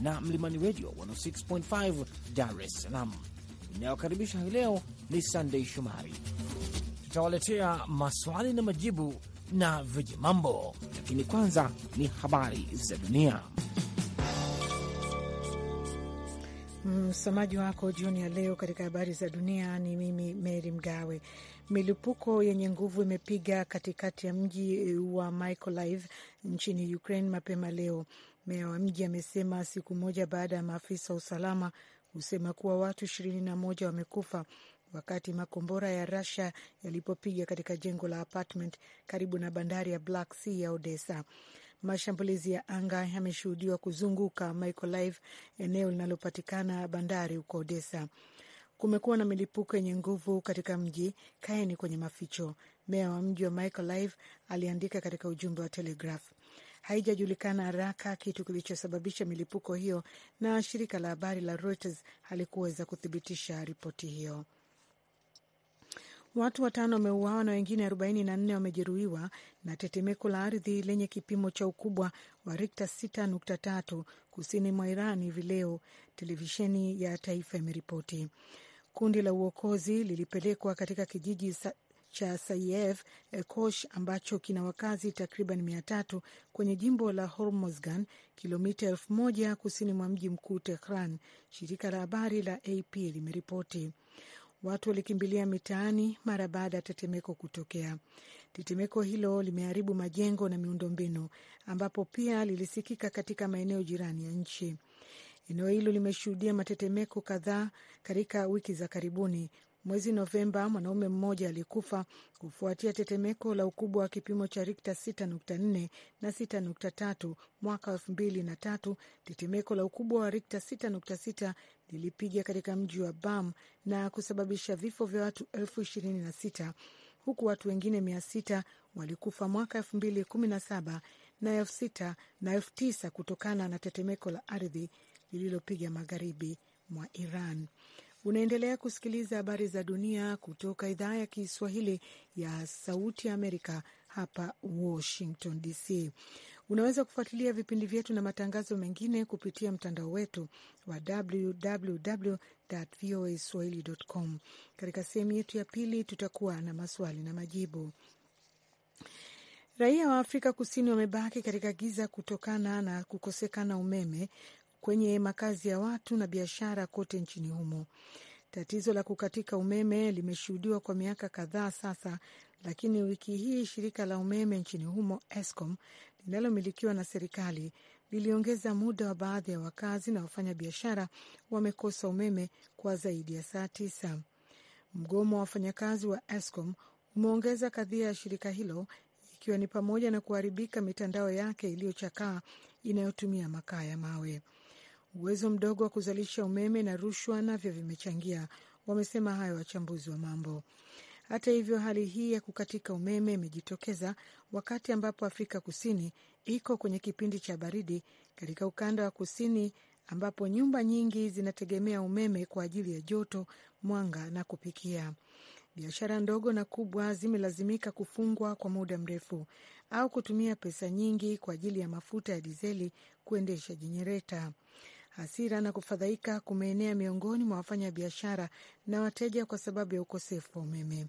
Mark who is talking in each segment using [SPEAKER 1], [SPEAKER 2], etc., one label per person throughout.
[SPEAKER 1] na Mlimani Redio 106.5 Dar es Salaam. Inayokaribisha hii leo ni Sandei Shomari. Tutawaletea maswali na majibu na viji mambo, lakini kwanza ni habari za
[SPEAKER 2] dunia.
[SPEAKER 3] Msomaji wako jioni ya leo katika habari za dunia ni mimi Mary Mgawe. Milipuko yenye nguvu imepiga katikati ya mji wa Mykolaiv nchini Ukraine mapema leo Meya wa mji amesema siku moja baada ya maafisa wa usalama kusema kuwa watu ishirini na moja wamekufa wakati makombora ya rasia yalipopiga katika jengo la apartment karibu na bandari ya Black Sea ya Odessa. Mashambulizi ya anga yameshuhudiwa kuzunguka Mykolaiv, eneo linalopatikana bandari huko Odessa. Kumekuwa na milipuko yenye nguvu katika mji, kaeni kwenye maficho, meya wa mji wa Mykolaiv aliandika katika ujumbe wa Telegraph. Haijajulikana haraka kitu kilichosababisha milipuko hiyo, na shirika la habari la Reuters halikuweza kuthibitisha ripoti hiyo. Watu watano wameuawa na wengine 44 wamejeruhiwa na tetemeko la ardhi lenye kipimo cha ukubwa wa rikta 6.3 kusini mwa Iran hivi leo, televisheni ya taifa imeripoti. Kundi la uokozi lilipelekwa katika kijiji cha sayef Kosh ambacho kina wakazi takriban mia tatu kwenye jimbo la Hormozgan, kilomita elfu moja kusini mwa mji mkuu Tehran, shirika la habari la AP limeripoti. Watu walikimbilia mitaani mara baada ya tetemeko kutokea. Tetemeko hilo limeharibu majengo na miundombinu, ambapo pia lilisikika katika maeneo jirani ya nchi. Eneo hilo limeshuhudia matetemeko kadhaa katika wiki za karibuni, Mwezi Novemba, mwanaume mmoja alikufa kufuatia tetemeko la ukubwa wa kipimo cha Rikta 6.4 na 6.3 mwaka 2003. Tetemeko la ukubwa wa Rikta 6.6 lilipiga katika mji wa Bam na kusababisha vifo vya watu 26 huku watu wengine 600 walikufa mwaka 2017 na elfu sita na elfu tisa kutokana na tetemeko la ardhi lililopiga magharibi mwa Iran. Unaendelea kusikiliza habari za dunia kutoka idhaa ya Kiswahili ya Sauti Amerika hapa Washington DC. Unaweza kufuatilia vipindi vyetu na matangazo mengine kupitia mtandao wetu wa www voa swahili.com. Katika sehemu yetu ya pili, tutakuwa na maswali na majibu. Raia wa Afrika Kusini wamebaki katika giza kutokana na kukosekana umeme kwenye makazi ya watu na biashara kote nchini humo. Tatizo la kukatika umeme limeshuhudiwa kwa miaka kadhaa sasa, lakini wiki hii shirika la umeme nchini humo Eskom linalomilikiwa na serikali liliongeza muda wa baadhi ya wakazi na wafanya biashara wamekosa umeme kwa zaidi ya saa tisa. Mgomo wa wafanyakazi wa Eskom umeongeza kadhia ya shirika hilo ikiwa ni pamoja na kuharibika mitandao yake iliyochakaa inayotumia makaa ya mawe uwezo mdogo wa kuzalisha umeme na rushwa navyo vimechangia. Wamesema hayo wachambuzi wa mambo. Hata hivyo, hali hii ya kukatika umeme imejitokeza wakati ambapo Afrika Kusini iko kwenye kipindi cha baridi katika ukanda wa kusini ambapo nyumba nyingi zinategemea umeme kwa ajili ya joto, mwanga na kupikia. Biashara ndogo na kubwa zimelazimika kufungwa kwa muda mrefu au kutumia pesa nyingi kwa ajili ya mafuta ya dizeli kuendesha jenereta. Hasira na kufadhaika kumeenea miongoni mwa wafanyabiashara na wateja kwa sababu ya ukosefu wa umeme.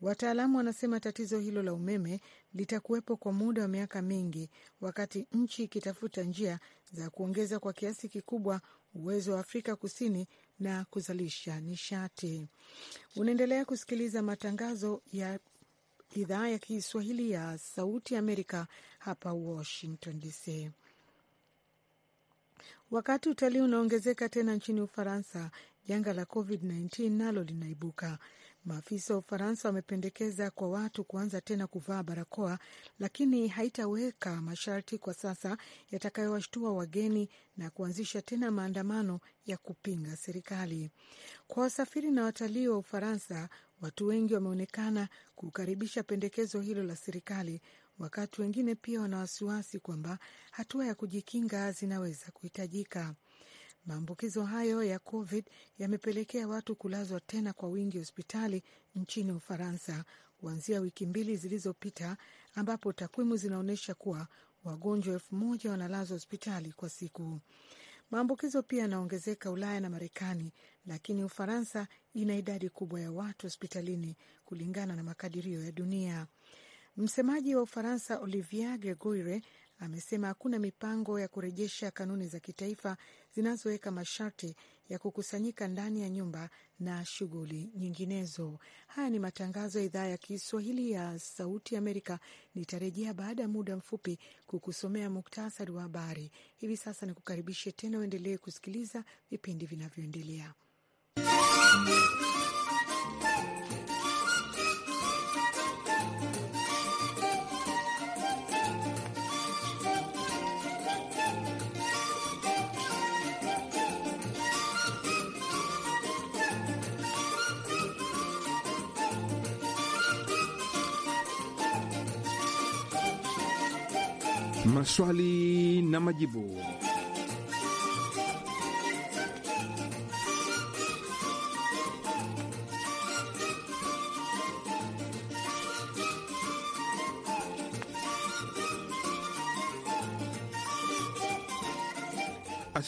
[SPEAKER 3] Wataalamu wanasema tatizo hilo la umeme litakuwepo kwa muda wa miaka mingi, wakati nchi ikitafuta njia za kuongeza kwa kiasi kikubwa uwezo wa Afrika Kusini na kuzalisha nishati. Unaendelea kusikiliza matangazo ya idhaa ya Kiswahili ya Sauti Amerika hapa Washington DC. Wakati utalii unaongezeka tena nchini Ufaransa, janga la COVID-19 nalo linaibuka. Maafisa wa Ufaransa wamependekeza kwa watu kuanza tena kuvaa barakoa, lakini haitaweka masharti kwa sasa yatakayowashtua wageni na kuanzisha tena maandamano ya kupinga serikali. Kwa wasafiri na watalii wa Ufaransa, watu wengi wameonekana kukaribisha pendekezo hilo la serikali wakati wengine pia wana wasiwasi kwamba hatua ya kujikinga zinaweza kuhitajika. Maambukizo hayo ya COVID yamepelekea watu kulazwa tena kwa wingi hospitali nchini Ufaransa kuanzia wiki mbili zilizopita, ambapo takwimu zinaonyesha kuwa wagonjwa elfu moja wanalazwa hospitali kwa siku. Maambukizo pia yanaongezeka Ulaya na Marekani, lakini Ufaransa ina idadi kubwa ya watu hospitalini kulingana na makadirio ya dunia. Msemaji wa Ufaransa Olivier Gregoire amesema hakuna mipango ya kurejesha kanuni za kitaifa zinazoweka masharti ya kukusanyika ndani ya nyumba na shughuli nyinginezo. Haya ni matangazo ya idhaa ya Kiswahili ya Sauti Amerika. Nitarejea baada ya muda mfupi kukusomea muktasari wa habari. Hivi sasa ni kukaribishe tena uendelee kusikiliza vipindi vinavyoendelea
[SPEAKER 2] Maswali na majibu.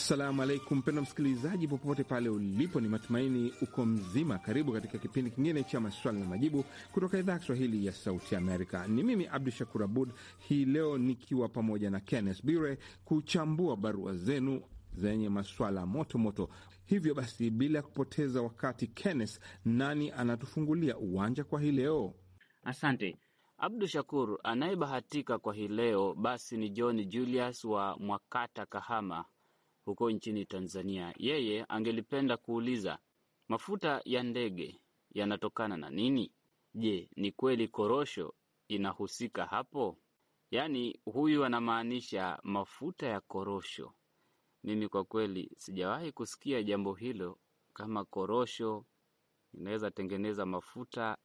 [SPEAKER 2] Assalamu alaikum, mpendwa msikilizaji, popote pale ulipo, ni matumaini uko mzima. Karibu katika kipindi kingine cha maswali na majibu kutoka idhaa ya Kiswahili ya Sauti Amerika. Ni mimi Abdu Shakur Abud, hii leo nikiwa pamoja na Kenneth Bure kuchambua barua zenu zenye maswala moto moto. Hivyo basi, bila kupoteza wakati, Kenneth, nani anatufungulia
[SPEAKER 1] uwanja kwa hii leo? Asante Abdu Shakur. Anayebahatika kwa hii leo basi ni John Julius wa Mwakata, Kahama huko nchini Tanzania. Yeye angelipenda kuuliza mafuta ya ndege yanatokana na nini? Je, ni kweli korosho inahusika hapo? Yaani huyu anamaanisha mafuta ya korosho. Mimi kwa kweli sijawahi kusikia jambo hilo, kama korosho inaweza tengeneza mafuta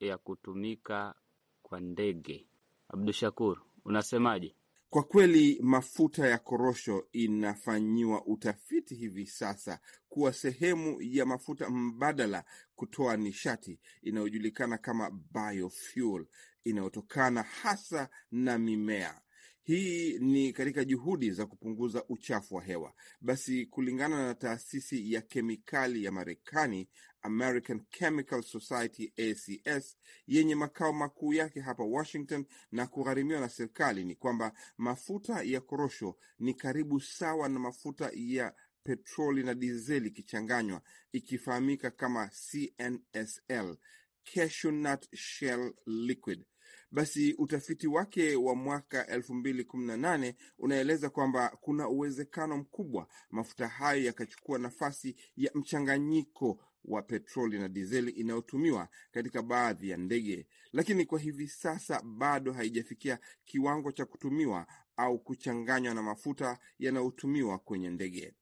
[SPEAKER 1] ya kutumika kwa ndege. Abdushakur, unasemaje?
[SPEAKER 2] Kwa kweli mafuta ya korosho inafanyiwa utafiti hivi sasa kuwa sehemu ya mafuta mbadala kutoa nishati inayojulikana kama biofuel inayotokana hasa na mimea. Hii ni katika juhudi za kupunguza uchafu wa hewa. Basi, kulingana na taasisi ya kemikali ya Marekani American Chemical Society ACS yenye makao makuu yake hapa Washington na kugharimiwa na serikali ni kwamba mafuta ya korosho ni karibu sawa na mafuta ya petroli na dizeli ikichanganywa, ikifahamika kama CNSL, cashew nut shell liquid. Basi utafiti wake wa mwaka 2018 unaeleza kwamba kuna uwezekano mkubwa mafuta hayo yakachukua nafasi ya mchanganyiko wa petroli na dizeli inayotumiwa katika baadhi ya ndege, lakini kwa hivi sasa bado haijafikia kiwango cha kutumiwa au kuchanganywa na mafuta yanayotumiwa kwenye ndege.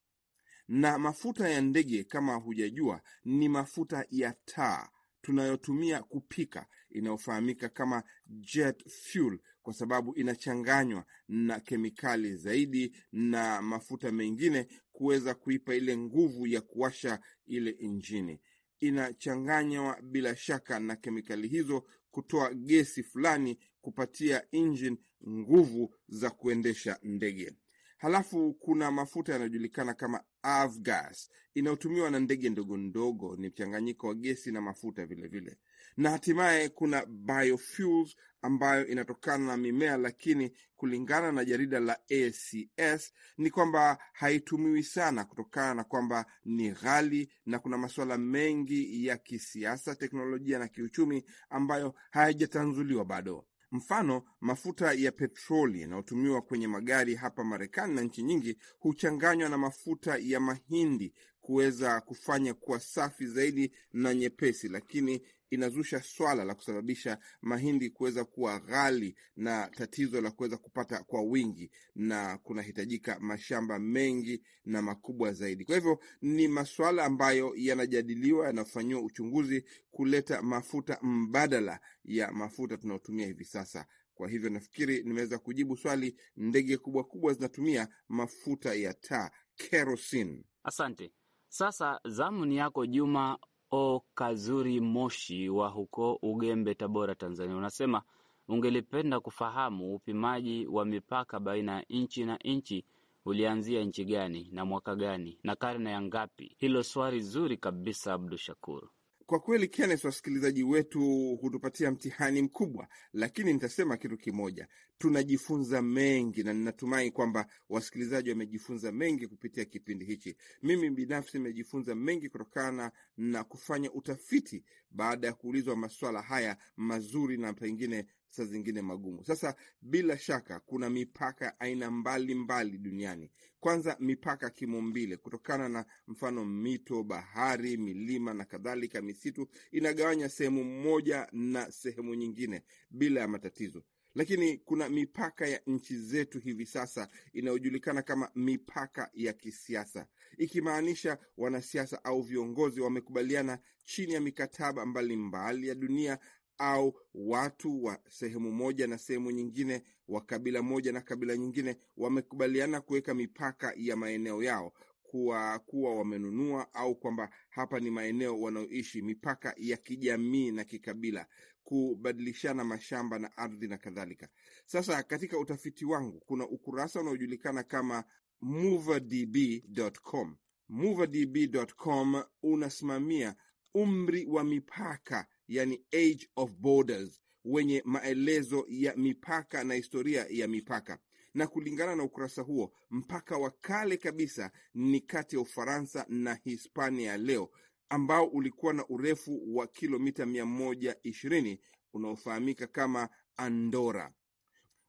[SPEAKER 2] Na mafuta ya ndege, kama hujajua, ni mafuta ya taa tunayotumia kupika inayofahamika kama jet fuel, kwa sababu inachanganywa na kemikali zaidi na mafuta mengine kuweza kuipa ile nguvu ya kuwasha ile injini. Inachanganywa bila shaka na kemikali hizo kutoa gesi fulani kupatia injini nguvu za kuendesha ndege. Halafu kuna mafuta yanayojulikana kama avgas inayotumiwa na ndege ndogo ndogo, ni mchanganyiko wa gesi na mafuta vilevile vile. Na hatimaye kuna biofuels ambayo inatokana na mimea, lakini kulingana na jarida la ACS ni kwamba haitumiwi sana kutokana na kwamba ni ghali na kuna masuala mengi ya kisiasa, teknolojia na kiuchumi ambayo hayajatanzuliwa bado. Mfano, mafuta ya petroli yanayotumiwa kwenye magari hapa Marekani na nchi nyingi huchanganywa na mafuta ya mahindi kuweza kufanya kuwa safi zaidi na nyepesi, lakini inazusha swala la kusababisha mahindi kuweza kuwa ghali na tatizo la kuweza kupata kwa wingi, na kunahitajika mashamba mengi na makubwa zaidi. Kwa hivyo ni masuala ambayo yanajadiliwa, yanafanyiwa uchunguzi kuleta mafuta mbadala ya mafuta tunayotumia hivi sasa. Kwa hivyo nafikiri nimeweza kujibu swali. Ndege kubwa kubwa zinatumia mafuta ya taa kerosene.
[SPEAKER 1] Asante. Sasa zamu ni yako Juma o Kazuri Moshi wa huko Ugembe, Tabora, Tanzania, unasema ungelipenda kufahamu upimaji wa mipaka baina ya nchi na nchi ulianzia nchi gani na mwaka gani na karne ya ngapi? Hilo swali zuri kabisa, Abdu Shakur.
[SPEAKER 2] Kwa kweli Kenneth, wasikilizaji wetu hutupatia mtihani mkubwa, lakini nitasema kitu kimoja, tunajifunza mengi, na ninatumai kwamba wasikilizaji wamejifunza mengi kupitia kipindi hichi. Mimi binafsi nimejifunza mengi kutokana na kufanya utafiti baada ya kuulizwa maswala haya mazuri na pengine saa zingine magumu. Sasa bila shaka kuna mipaka aina mbalimbali duniani. Kwanza mipaka kimaumbile, kutokana na mfano mito, bahari, milima na kadhalika. Misitu inagawanya sehemu moja na sehemu nyingine bila ya matatizo, lakini kuna mipaka ya nchi zetu hivi sasa inayojulikana kama mipaka ya kisiasa, ikimaanisha wanasiasa au viongozi wamekubaliana chini ya mikataba mbalimbali mbali ya dunia au watu wa sehemu moja na sehemu nyingine wa kabila moja na kabila nyingine wamekubaliana kuweka mipaka ya maeneo yao kuwa kuwa wamenunua au kwamba hapa ni maeneo wanaoishi mipaka ya kijamii na kikabila, kubadilishana mashamba na ardhi na kadhalika. Sasa katika utafiti wangu kuna ukurasa unaojulikana kama moverdb.com. Moverdb.com unasimamia umri wa mipaka yani Age of Borders, wenye maelezo ya mipaka na historia ya mipaka. Na kulingana na ukurasa huo, mpaka wa kale kabisa ni kati ya Ufaransa na Hispania leo, ambao ulikuwa na urefu wa kilomita 120 unaofahamika kama Andora,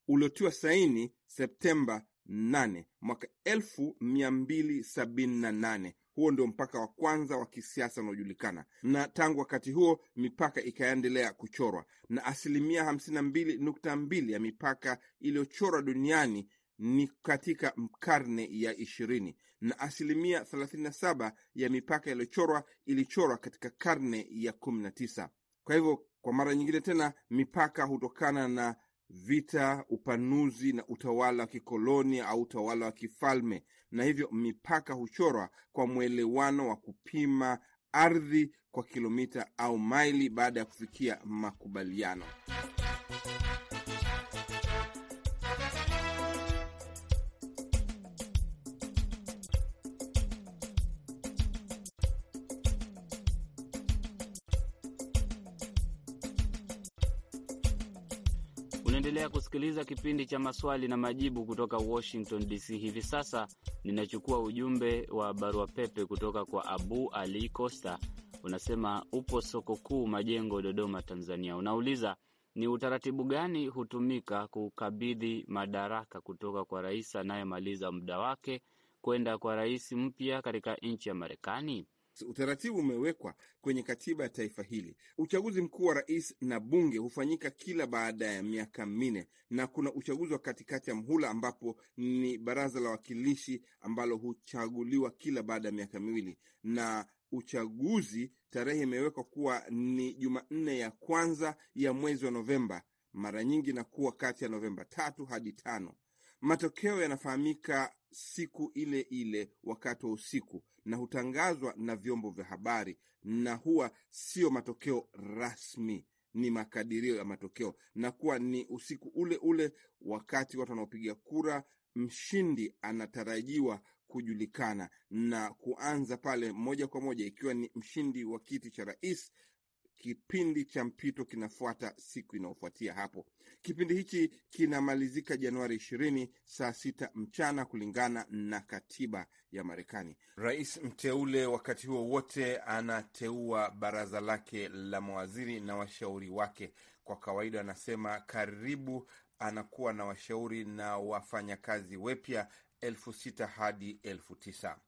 [SPEAKER 2] uliotiwa saini Septemba 8 mwaka 1278 huo ndio mpaka wa kwanza wa kisiasa unaojulikana, na tangu wakati huo mipaka ikaendelea kuchorwa, na asilimia 52.2 mbili nukta mbili ya mipaka iliyochorwa duniani ni katika karne ya ishirini na asilimia thelathini na saba ya mipaka iliyochorwa ilichorwa katika karne ya kumi na tisa. Kwa hivyo kwa mara nyingine tena mipaka hutokana na vita, upanuzi na utawala wa kikoloni au utawala wa kifalme na hivyo mipaka huchorwa kwa mwelewano wa kupima ardhi kwa kilomita au maili baada ya kufikia makubaliano.
[SPEAKER 1] Unaendelea kusikiliza kipindi cha maswali na majibu kutoka Washington DC. Hivi sasa Ninachukua ujumbe wa barua pepe kutoka kwa Abu Ali Costa, unasema upo soko kuu Majengo, Dodoma, Tanzania. Unauliza ni utaratibu gani hutumika kukabidhi madaraka kutoka kwa rais anayemaliza muda wake kwenda kwa rais mpya katika nchi ya Marekani. Utaratibu
[SPEAKER 2] umewekwa kwenye
[SPEAKER 1] katiba ya taifa
[SPEAKER 2] hili. Uchaguzi mkuu wa rais na bunge hufanyika kila baada ya miaka minne, na kuna uchaguzi wa katikati ya mhula ambapo ni baraza la wawakilishi ambalo huchaguliwa kila baada ya miaka miwili, na uchaguzi tarehe imewekwa kuwa ni Jumanne ya kwanza ya mwezi wa Novemba, mara nyingi inakuwa kati ya Novemba tatu hadi tano. Matokeo yanafahamika siku ile ile wakati wa usiku na hutangazwa na vyombo vya habari, na huwa sio matokeo rasmi, ni makadirio ya matokeo, na kuwa ni usiku ule ule wakati watu wanaopiga kura, mshindi anatarajiwa kujulikana na kuanza pale moja kwa moja, ikiwa ni mshindi wa kiti cha rais Kipindi cha mpito kinafuata siku inayofuatia hapo. Kipindi hichi kinamalizika Januari ishirini saa sita mchana kulingana na katiba ya Marekani. Rais mteule wakati huo wote anateua baraza lake la mawaziri na washauri wake. Kwa kawaida anasema karibu anakuwa na washauri na wafanyakazi wepya elfu sita hadi elfu tisa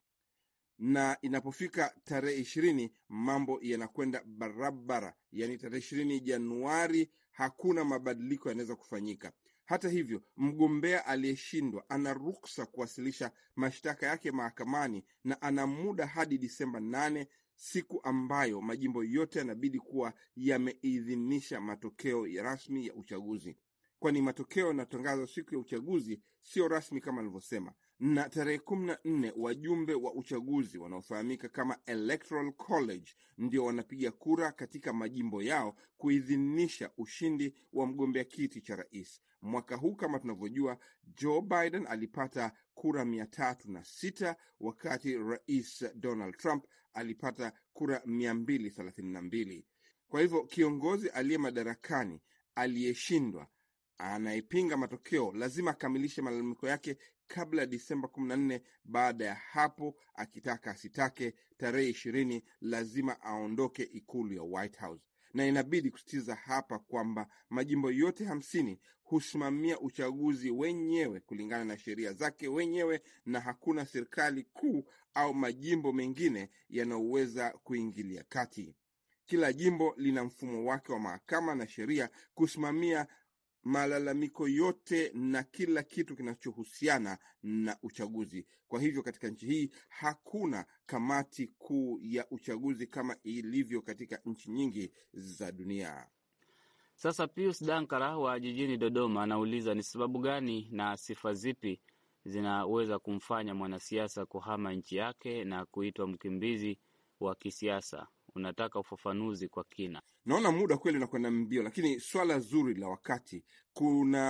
[SPEAKER 2] na inapofika tarehe ishirini mambo yanakwenda barabara. Yaani tarehe ishirini Januari hakuna mabadiliko yanaweza kufanyika. Hata hivyo, mgombea aliyeshindwa ana ruksa kuwasilisha mashtaka yake mahakamani na ana muda hadi Disemba nane, siku ambayo majimbo yote yanabidi kuwa yameidhinisha matokeo ya rasmi ya uchaguzi, kwani matokeo yanatangazwa siku ya uchaguzi, sio rasmi kama alivyosema na tarehe kumi na nne wajumbe wa uchaguzi wanaofahamika kama Electoral College ndio wanapiga kura katika majimbo yao kuidhinisha ushindi wa mgombea kiti cha rais. Mwaka huu kama tunavyojua, Joe Biden alipata kura mia tatu na sita wakati rais Donald Trump alipata kura mia mbili thelathini na mbili. Kwa hivyo kiongozi aliye madarakani aliyeshindwa anayepinga matokeo lazima akamilishe malalamiko yake kabla ya Disemba 14. Baada ya hapo, akitaka asitake, tarehe ishirini lazima aondoke ikulu ya White House na inabidi kusitiza hapa kwamba majimbo yote hamsini husimamia uchaguzi wenyewe kulingana na sheria zake wenyewe, na hakuna serikali kuu au majimbo mengine yanayoweza kuingilia kati. Kila jimbo lina mfumo wake wa mahakama na sheria kusimamia malalamiko yote na kila kitu kinachohusiana na uchaguzi. Kwa hivyo katika nchi hii hakuna kamati kuu ya uchaguzi kama ilivyo katika nchi nyingi za dunia.
[SPEAKER 1] Sasa Pius Dankara wa jijini Dodoma anauliza ni sababu gani na sifa zipi zinaweza kumfanya mwanasiasa kuhama nchi yake na kuitwa mkimbizi wa kisiasa? unataka ufafanuzi kwa kina.
[SPEAKER 2] Naona muda kweli unakwenda mbio, lakini swala zuri la wakati. Kuna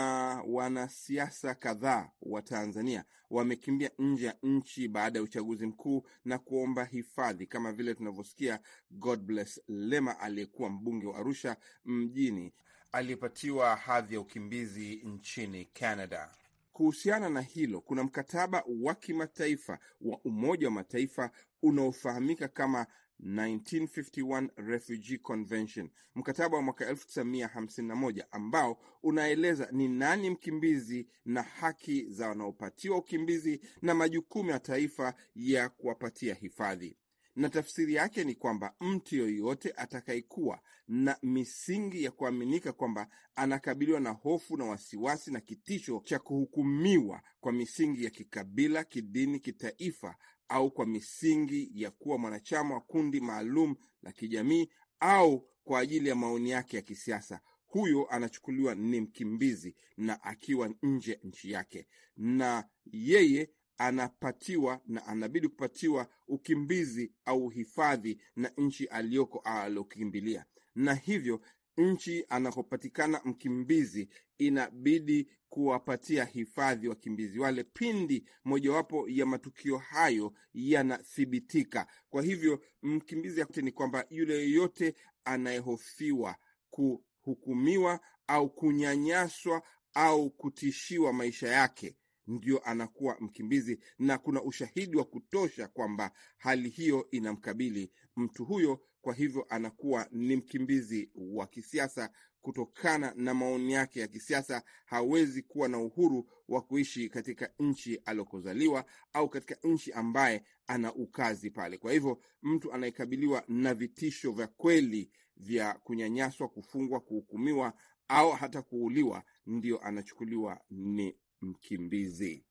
[SPEAKER 2] wanasiasa kadhaa wa Tanzania wamekimbia nje ya nchi baada ya uchaguzi mkuu na kuomba hifadhi, kama vile tunavyosikia Godbless Lema aliyekuwa mbunge wa Arusha mjini aliyepatiwa hadhi ya ukimbizi nchini Canada. Kuhusiana na hilo, kuna mkataba wa kimataifa wa Umoja wa Mataifa unaofahamika kama 1951 Refugee Convention, mkataba wa mwaka 1951 ambao unaeleza ni nani mkimbizi na haki za wanaopatiwa ukimbizi na majukumu ya taifa ya kuwapatia hifadhi. Na tafsiri yake ni kwamba mtu yoyote atakayekuwa na misingi ya kuaminika kwamba anakabiliwa na hofu na wasiwasi na kitisho cha kuhukumiwa kwa misingi ya kikabila, kidini, kitaifa au kwa misingi ya kuwa mwanachama wa kundi maalum la kijamii au kwa ajili ya maoni yake ya kisiasa, huyo anachukuliwa ni mkimbizi na akiwa nje nchi yake, na yeye anapatiwa na anabidi kupatiwa ukimbizi au uhifadhi na nchi aliyoko aliokimbilia na hivyo nchi anakopatikana mkimbizi inabidi kuwapatia hifadhi wakimbizi wale pindi mojawapo ya matukio hayo yanathibitika. Kwa hivyo mkimbizi ni kwamba yule yeyote anayehofiwa kuhukumiwa au kunyanyaswa au kutishiwa maisha yake ndio anakuwa mkimbizi, na kuna ushahidi wa kutosha kwamba hali hiyo inamkabili mtu huyo. Kwa hivyo anakuwa ni mkimbizi wa kisiasa kutokana na maoni yake ya kisiasa hawezi kuwa na uhuru wa kuishi katika nchi aliokozaliwa au katika nchi ambaye ana ukazi pale. Kwa hivyo mtu anayekabiliwa na vitisho vya kweli vya kunyanyaswa, kufungwa, kuhukumiwa au hata kuuliwa, ndio anachukuliwa ni mkimbizi.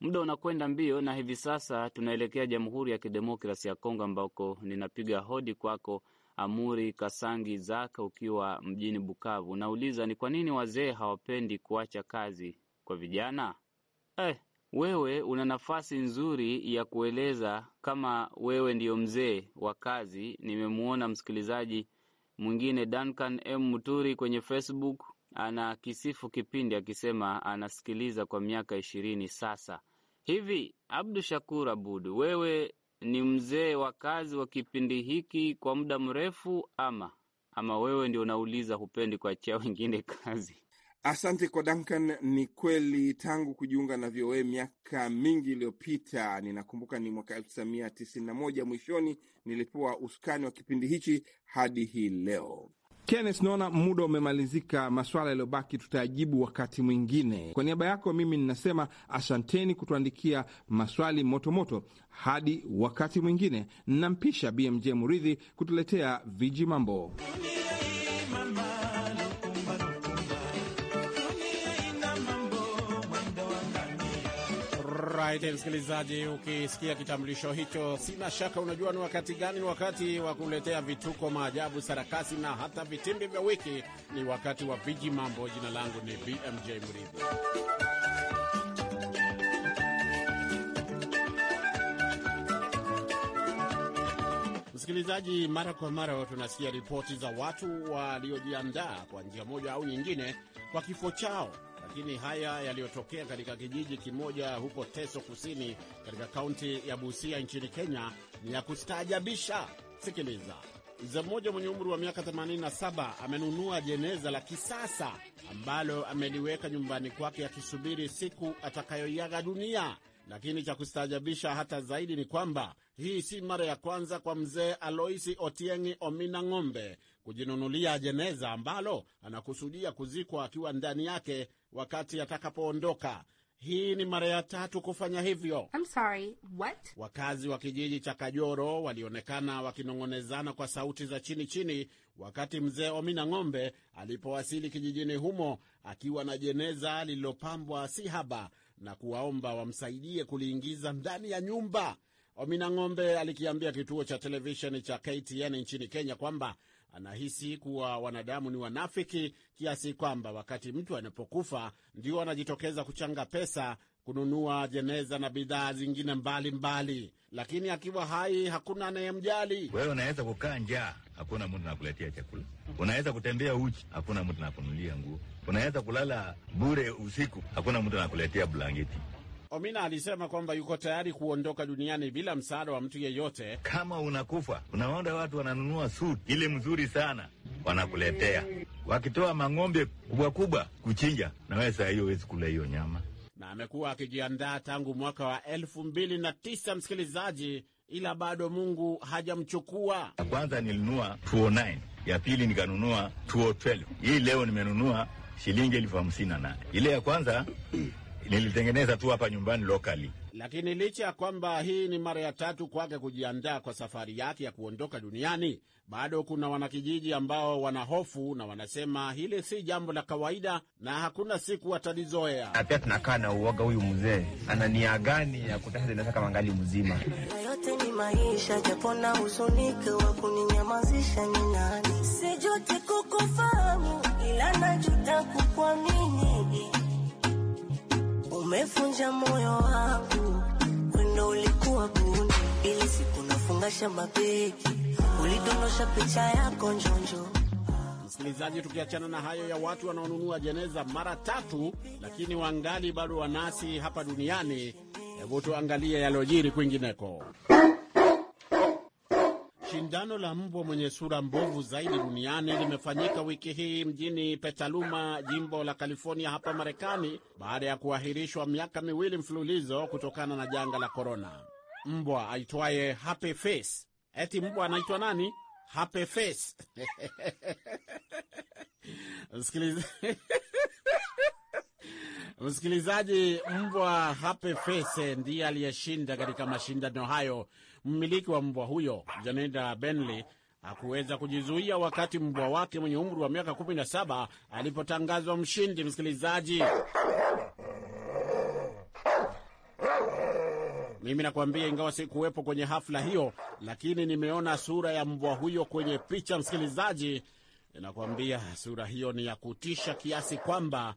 [SPEAKER 1] Muda unakwenda mbio, na hivi sasa tunaelekea Jamhuri ya Kidemokrasi ya Kongo ambako ninapiga hodi kwako Amuri Kasangi Zaka ukiwa mjini Bukavu, unauliza ni kwa nini wazee hawapendi kuacha kazi kwa vijana. Eh, wewe una nafasi nzuri ya kueleza kama wewe ndiyo mzee wa kazi. Nimemwona msikilizaji mwingine Duncan M Muturi kwenye Facebook ana kisifu kipindi akisema anasikiliza kwa miaka ishirini sasa hivi. Abdu Shakur Abudu, wewe ni mzee wa kazi wa kipindi hiki kwa muda mrefu ama ama wewe ndio unauliza, hupendi kuachia wengine kazi?
[SPEAKER 2] Asante kwa Duncan. Ni kweli tangu kujiunga na VOA miaka mingi iliyopita, ninakumbuka ni mwaka elfu tisa mia tisini na moja mwishoni nilipewa usukani wa kipindi hichi hadi hii leo. Kenneth, naona muda umemalizika. Maswala yaliyobaki tutayajibu wakati mwingine. Kwa niaba yako mimi ninasema asanteni kutuandikia maswali motomoto moto. Hadi wakati mwingine, nampisha BMJ Muridhi kutuletea viji mambo.
[SPEAKER 4] Alright, msikilizaji, ukisikia kitambulisho hicho, sina shaka unajua ni wakati gani. Ni wakati wa kuletea vituko, maajabu, sarakasi na hata vitimbi vya wiki. Ni wakati wa viji mambo. Jina langu ni BMJ Mridhi. Msikilizaji, mara kwa mara tunasikia ripoti za watu waliojiandaa kwa njia moja au nyingine kwa kifo chao lakini haya yaliyotokea katika kijiji kimoja huko Teso Kusini katika kaunti ya Busia nchini Kenya ni ya kustaajabisha. Sikiliza. Mzee mmoja mwenye umri wa miaka 87 amenunua jeneza la kisasa ambalo ameliweka nyumbani kwake akisubiri siku atakayoiaga dunia. Lakini cha kustaajabisha hata zaidi ni kwamba hii si mara ya kwanza kwa mzee Aloisi Otiengi Omina Ng'ombe kujinunulia jeneza ambalo anakusudia kuzikwa akiwa ndani yake wakati atakapoondoka. Hii ni mara ya tatu kufanya hivyo.
[SPEAKER 3] I'm sorry, what?
[SPEAKER 4] Wakazi wa kijiji cha Kajoro walionekana wakinong'onezana kwa sauti za chini chini wakati mzee Omina Ng'ombe alipowasili kijijini humo akiwa na jeneza lililopambwa si haba na kuwaomba wamsaidie kuliingiza ndani ya nyumba. Omina Ng'ombe alikiambia kituo cha televisheni cha KTN nchini Kenya kwamba anahisi kuwa wanadamu ni wanafiki kiasi kwamba wakati mtu anapokufa ndio anajitokeza kuchanga pesa kununua jeneza na bidhaa zingine mbalimbali, lakini akiwa hai hakuna anayemjali. Wewe unaweza kukaa njaa, hakuna mtu nakuletea chakula. Unaweza kutembea uchi, hakuna mtu nakunulia nguo. Unaweza kulala bure usiku, hakuna mtu nakuletea blanketi. Omina alisema kwamba yuko tayari kuondoka duniani bila msaada wa mtu yeyote. Kama unakufa, unaona watu wananunua suti ile mzuri sana, wanakuletea wakitoa mang'ombe kubwa kubwa kuchinja, na wewe saa hiyo huwezi kula hiyo nyama. Na amekuwa akijiandaa tangu mwaka wa elfu mbili na tisa, msikilizaji, ila bado Mungu hajamchukua. Ya kwanza nilinunua 209 ya pili nikanunua 212 hii leo nimenunua shilingi elfu hamsini na nane ile ya kwanza nilitengeneza tu hapa nyumbani lokali. Lakini licha ya kwamba hii ni mara ya tatu kwake kujiandaa kwa safari yake ya kuondoka duniani, bado kuna wanakijiji ambao wanahofu na wanasema hili si jambo la kawaida na hakuna siku watalizoea.
[SPEAKER 1] Na pia tunakaa na
[SPEAKER 2] uoga, huyu mzee ana nia gani ya kutaka tena kama ngali mzima?
[SPEAKER 5] Yote ni maisha, japo na huzunike wa kuninyamazisha ni nani? kukufahamu ila najuta kukuamini Umefunja moyo wangu, wendo ulikuwa buni, ili siku nafungasha mabegi, ulidondosha picha yako njonjo. Msikilizaji,
[SPEAKER 4] tukiachana na hayo ya watu wanaonunua jeneza mara tatu lakini wangali bado wanasi hapa duniani, hebu tuangalie yaliyojiri kwingineko. Shindano la mbwa mwenye sura mbovu zaidi duniani limefanyika wiki hii mjini Petaluma, jimbo la California hapa Marekani, baada ya kuahirishwa miaka miwili mfululizo kutokana na janga la korona. Mbwa aitwaye Happy Face. Eti mbwa anaitwa nani? Happy Face. Msikilizaji, mbwa Happy Face ndiye aliyeshinda katika mashindano hayo Mmiliki wa mbwa huyo Janeda Benley hakuweza kujizuia wakati mbwa wake mwenye umri wa miaka 17 alipotangazwa mshindi. Msikilizaji, mimi nakuambia ingawa sikuwepo kwenye hafla hiyo, lakini nimeona sura ya mbwa huyo kwenye picha. Msikilizaji, inakuambia sura hiyo ni ya kutisha kiasi kwamba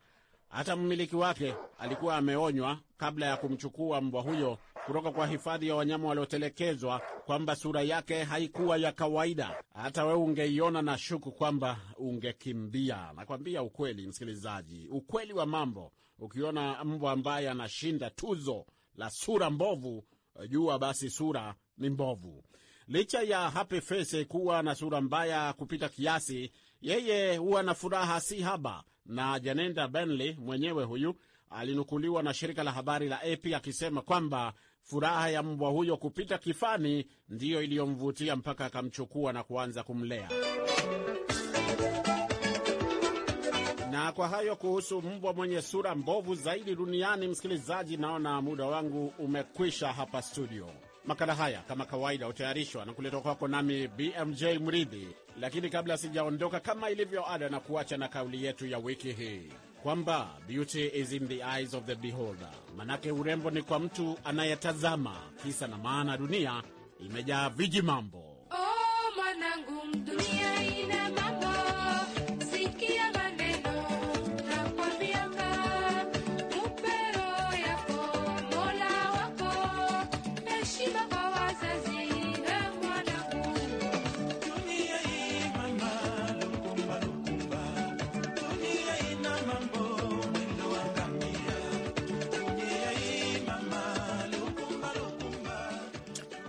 [SPEAKER 4] hata mmiliki wake alikuwa ameonywa kabla ya kumchukua mbwa huyo kutoka kwa hifadhi ya wanyama waliotelekezwa kwamba sura yake haikuwa ya kawaida. Hata wewe ungeiona na shuku kwamba ungekimbia. Nakwambia ukweli, msikilizaji, ukweli wa mambo, ukiona mbwa ambaye anashinda tuzo la sura mbovu, jua basi sura ni mbovu. Licha ya Happy Face kuwa na sura mbaya kupita kiasi, yeye huwa na furaha si haba. Na Janenda Benly mwenyewe huyu alinukuliwa na shirika la habari la AP akisema kwamba Furaha ya mbwa huyo kupita kifani ndiyo iliyomvutia mpaka akamchukua na kuanza kumlea. Na kwa hayo kuhusu mbwa mwenye sura mbovu zaidi duniani, msikilizaji, naona muda wangu umekwisha hapa studio. Makala haya kama kawaida hutayarishwa na kuletwa kwako nami BMJ Mridhi, lakini kabla sijaondoka, kama ilivyo ada, na kuacha na kauli yetu ya wiki hii kwamba beauty is in the eyes of the beholder, manake urembo ni kwa mtu anayetazama. Kisa na maana, dunia imejaa viji mambo.
[SPEAKER 5] Oh, mwanangu, dunia ina mambo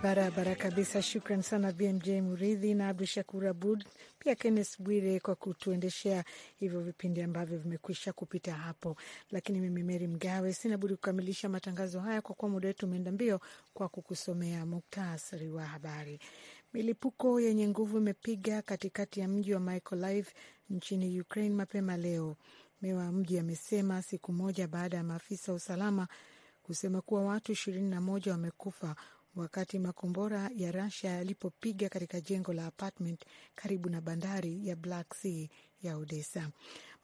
[SPEAKER 3] Barabara kabisa. Shukran sana BMJ Muridhi na Abdu Shakur Abud, pia Kennes Bwire kwa kutuendeshea hivyo vipindi ambavyo vimekwisha kupita hapo. Lakini mimi Meri Mgawe sina budi kukamilisha matangazo haya kwa kuwa muda wetu umeenda mbio, kwa kukusomea muktasari wa habari. Milipuko yenye nguvu imepiga katikati ya mji wa Mykolaiv nchini Ukraine mapema leo, meya wa mji amesema, siku moja baada ya maafisa wa usalama kusema kuwa watu ishirini na moja wamekufa wakati makombora ya rasia yalipopiga katika jengo la apartment karibu na bandari ya Black Sea ya Odessa.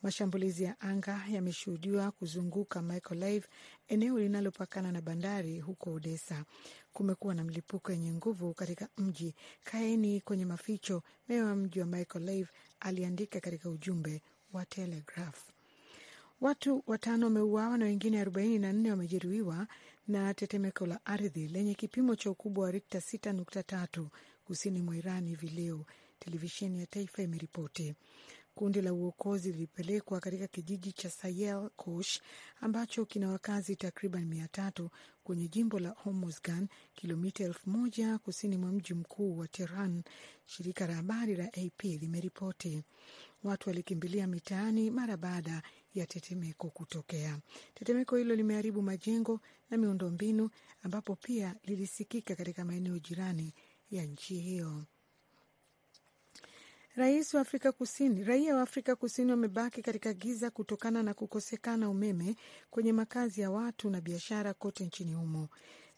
[SPEAKER 3] Mashambulizi ya anga yameshuhudiwa kuzunguka Mykolaiv, eneo linalopakana na bandari huko Odessa. Kumekuwa na mlipuko yenye nguvu katika mji. Kaeni kwenye maficho, meya wa mji wa Mykolaiv aliandika katika ujumbe wa Telegraph. Watu watano wameuawa na wengine 44 wamejeruhiwa na tetemeko la ardhi lenye kipimo cha ukubwa wa rikta 6.3 kusini mwa Iran hivi leo, televisheni ya taifa imeripoti. Kundi la uokozi lilipelekwa katika kijiji cha Sayel Kosh ambacho kina wakazi takriban mia tatu kwenye jimbo la Hormozgan, kilomita elfu moja kusini mwa mji mkuu wa Tehran. Shirika la habari la AP limeripoti watu walikimbilia mitaani mara baada ya tetemeko kutokea. Tetemeko hilo limeharibu majengo na miundombinu, ambapo pia lilisikika katika maeneo jirani ya nchi hiyo. Rais wa Afrika Kusini, raia wa Afrika Kusini wamebaki katika giza kutokana na kukosekana umeme kwenye makazi ya watu na biashara kote nchini humo.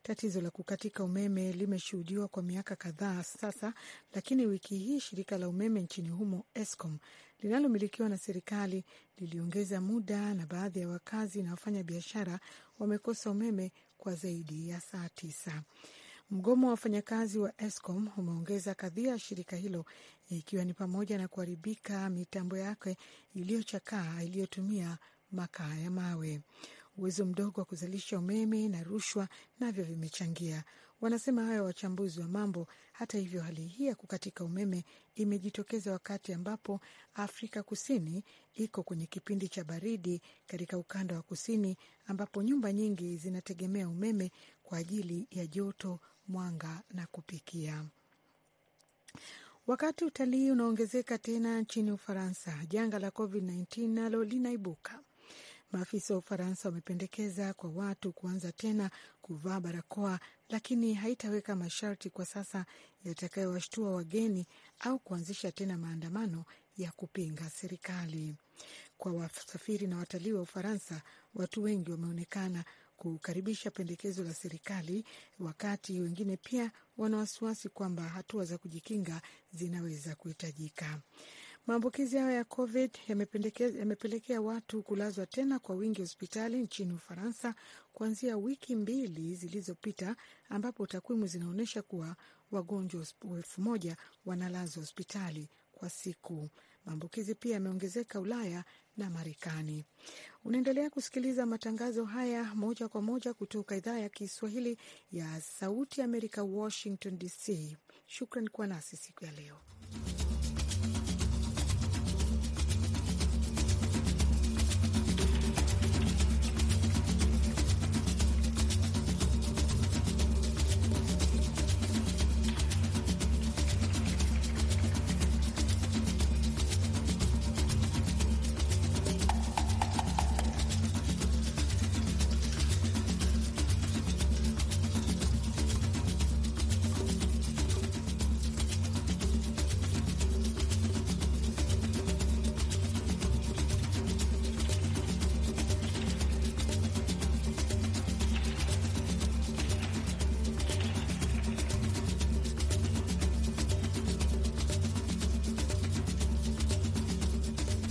[SPEAKER 3] Tatizo la kukatika umeme limeshuhudiwa kwa miaka kadhaa sasa, lakini wiki hii shirika la umeme nchini humo escom linalomilikiwa na serikali liliongeza muda na baadhi ya wakazi na wafanya biashara wamekosa umeme kwa zaidi ya saa tisa. Mgomo wa wafanyakazi wa escom umeongeza kadhia ya shirika hilo, ikiwa ni pamoja na kuharibika mitambo yake iliyochakaa iliyotumia makaa ya mawe uwezo mdogo wa kuzalisha umeme na rushwa navyo vimechangia. Wanasema hayo wachambuzi wa mambo. Hata hivyo, hali hii ya kukatika umeme imejitokeza wakati ambapo Afrika Kusini iko kwenye kipindi cha baridi katika ukanda wa kusini, ambapo nyumba nyingi zinategemea umeme kwa ajili ya joto, mwanga na kupikia. Wakati utalii unaongezeka tena nchini Ufaransa, janga la COVID-19 nalo linaibuka. Maafisa wa Ufaransa wamependekeza kwa watu kuanza tena kuvaa barakoa, lakini haitaweka masharti kwa sasa yatakayowashtua wageni au kuanzisha tena maandamano ya kupinga serikali. Kwa wasafiri na watalii wa Ufaransa, watu wengi wameonekana kukaribisha pendekezo la serikali, wakati wengine pia wana wasiwasi kwamba hatua za kujikinga zinaweza kuhitajika. Maambukizi hayo ya COVID yamepelekea watu kulazwa tena kwa wingi hospitali nchini Ufaransa kuanzia wiki mbili zilizopita, ambapo takwimu zinaonyesha kuwa wagonjwa elfu moja wanalazwa hospitali kwa siku. Maambukizi pia yameongezeka Ulaya na Marekani. Unaendelea kusikiliza matangazo haya moja kwa moja kutoka idhaa ya Kiswahili ya Sauti Amerika, Washington DC. Shukran kuwa nasi siku ya leo.